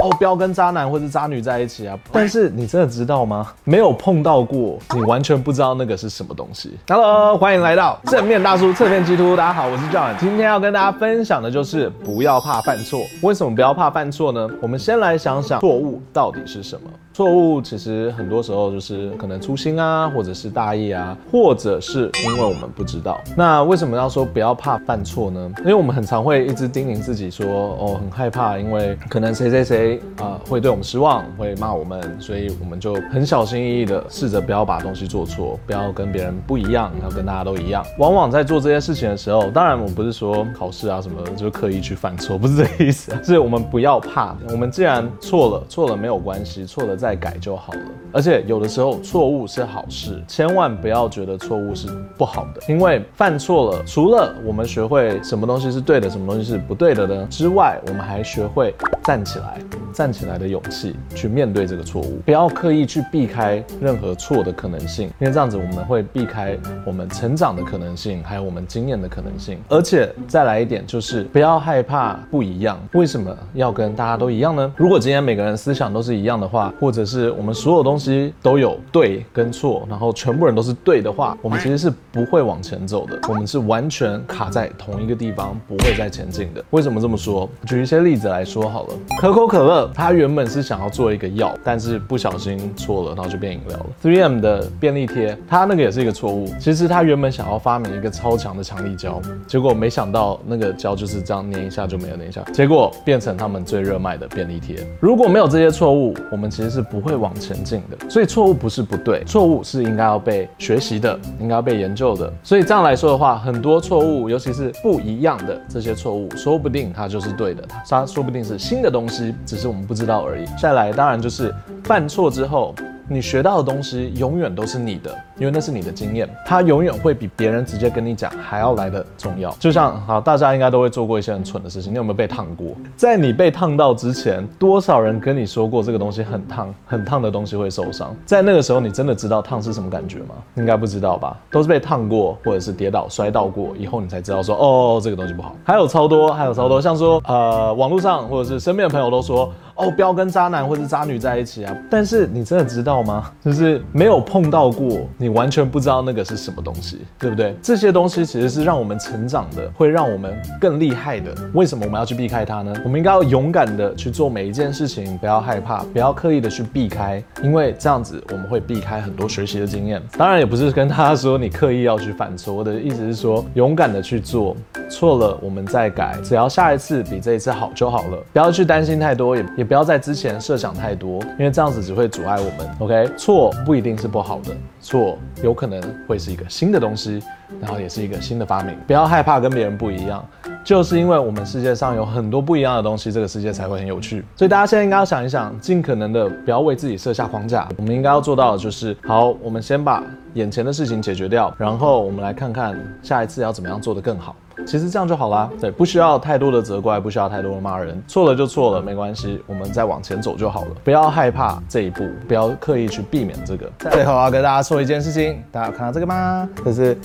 哦、不要跟渣男或者渣女在一起啊，但是你真的知道嗎？沒有碰到過，你完全不知道那個是什麼東西。Hello，歡迎來到正面大叔，側面基督徒。大家好，我是 John，今天要跟大家分享的就是不要怕犯錯。為什麼不要怕犯錯呢？我們先來想想錯誤到底是什麼。錯誤其實很多時候就是可能粗心啊，或者是大意啊，或者是因為我們不知道。那為什麼要說不要怕犯錯呢？因為我們很常會一直叮嚀自己說，哦，很害怕，因為可能誰誰誰啊、呃、會對我們失望，會罵我們，所以我們就很小心翼翼的試着不要把東西做錯，不要跟別人不一樣，然後跟大家都一樣。往往在做這些事情的時候，當然我不是說考試啊什麼的就刻意去犯錯，不是這個意思，是我們不要怕，我們既然錯了，錯了沒有關係，錯了，再改就好了。而且有的時候錯誤是好事，千萬不要覺得錯誤是不好的。因為犯錯了，除了我們學會什麼東西是對的，什麼東西是不對的呢之外，我們還學會站起來，站起來的勇氣去面對這個錯誤。不要刻意去避開任何錯的可能性，因為這樣子我們會避開我們成長的可能性，還有我們經驗的可能性。而且再來一點，就是不要害怕不一樣。為什麼要跟大家都一樣呢？如果今天每個人思想都是一樣的話，或或者是我們所有東西都有對跟錯，然後全部人都是對的話，我們其實是不會往前走的，我們是完全卡在同一個地方，不會再前進的。為什麼這麼說？舉一些例子來說好了。可口可樂它原本是想要做一個藥，但是不小心錯了，然後就變飲料了。3M 的便利貼，它那個也是一個錯誤。其實它原本想要發明一個超強的強力膠，結果沒想到那個膠就是這樣粘一下就沒有粘一下，結果變成他們最熱賣的便利貼。如果沒有這些錯誤，我們其實是，不會往前進的，所以錯誤不是不對，錯誤是應該要被學習的，應該要被研究的。所以這樣來說的話，很多錯誤，尤其是不一樣的這些錯誤，說不定它就是對的，它說不定是新的東西，只是我們不知道而已。再來，當然就是犯錯之後。你學到的東西永遠都是你的，因為那是你的經驗，它永遠會比別人直接跟你講還要來得重要。就像，好，大家應該都會做過一些很蠢的事情，你有沒有被燙過？在你被燙到之前，多少人跟你說過這個東西很燙，很燙的東西會受傷？在那個時候，你真的知道燙是什麼感覺嗎？應該不知道吧？都是被燙過，或者是跌倒、摔倒過以後，你才知道說哦哦，哦，這個東西不好。還有超多，還有超多，像說，呃，網絡上或者是身邊的朋友都說。哦，不要跟渣男或者渣女在一起啊！但是你真的知道嗎？就是沒有碰到過，你完全不知道那個是什麼東西，對不對？這些東西其實是讓我們成長的，會讓我們更厲害的。為什麼我們要去避開它呢？我們應該要勇敢的去做每一件事情，不要害怕，不要刻意的去避開，因為這樣子我們會避開很多學習的經驗。當然，也不是跟他說你刻意要去犯錯的意思，是說勇敢的去做，錯了我們再改，只要下一次比這一次好就好了，不要去擔心太多，也也。不要在之前設想太多，因為這樣子只會阻礙我們。OK，錯不一定是不好的，錯有可能會是一個新的東西，然後也是一個新的發明。不要害怕跟別人不一樣，就是因為我們世界上有很多不一樣的東西，這個世界才會很有趣。所以大家現在應該要想一想，儘可能的不要為自己設下框架。我們應該要做到的就是，好，我們先把眼前的事情解決掉，然後我們來看看下一次要怎麼樣做得更好。其實這樣就好啦，對，不需要太多的責怪，不需要太多的罵人，錯了就錯了，沒關係，我們再往前走就好了，不要害怕這一步，不要刻意去避免這個。最後要跟大家說一件事情，大家有看到這個嗎？這是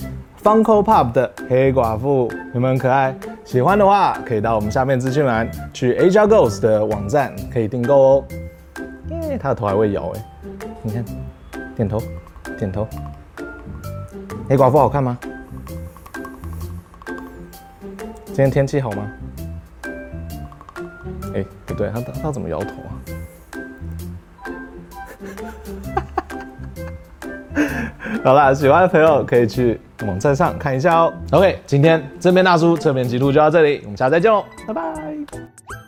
Funko Pop 的黑寡婦，有沒有很可愛？喜歡的話可以到我們下面資訊欄去 AJGOES 的網站可以訂購哦。他的頭還會搖哎，你看，點頭，點頭。黑寡婦好看嗎？今天天氣好嗎？哎、欸，不對，他怎麼搖頭啊？好啦，喜歡的朋友可以去網站上看一下哦、喔。OK，今天正面大叔、側面記錄就到這裡，我們下次再見嘍，拜拜。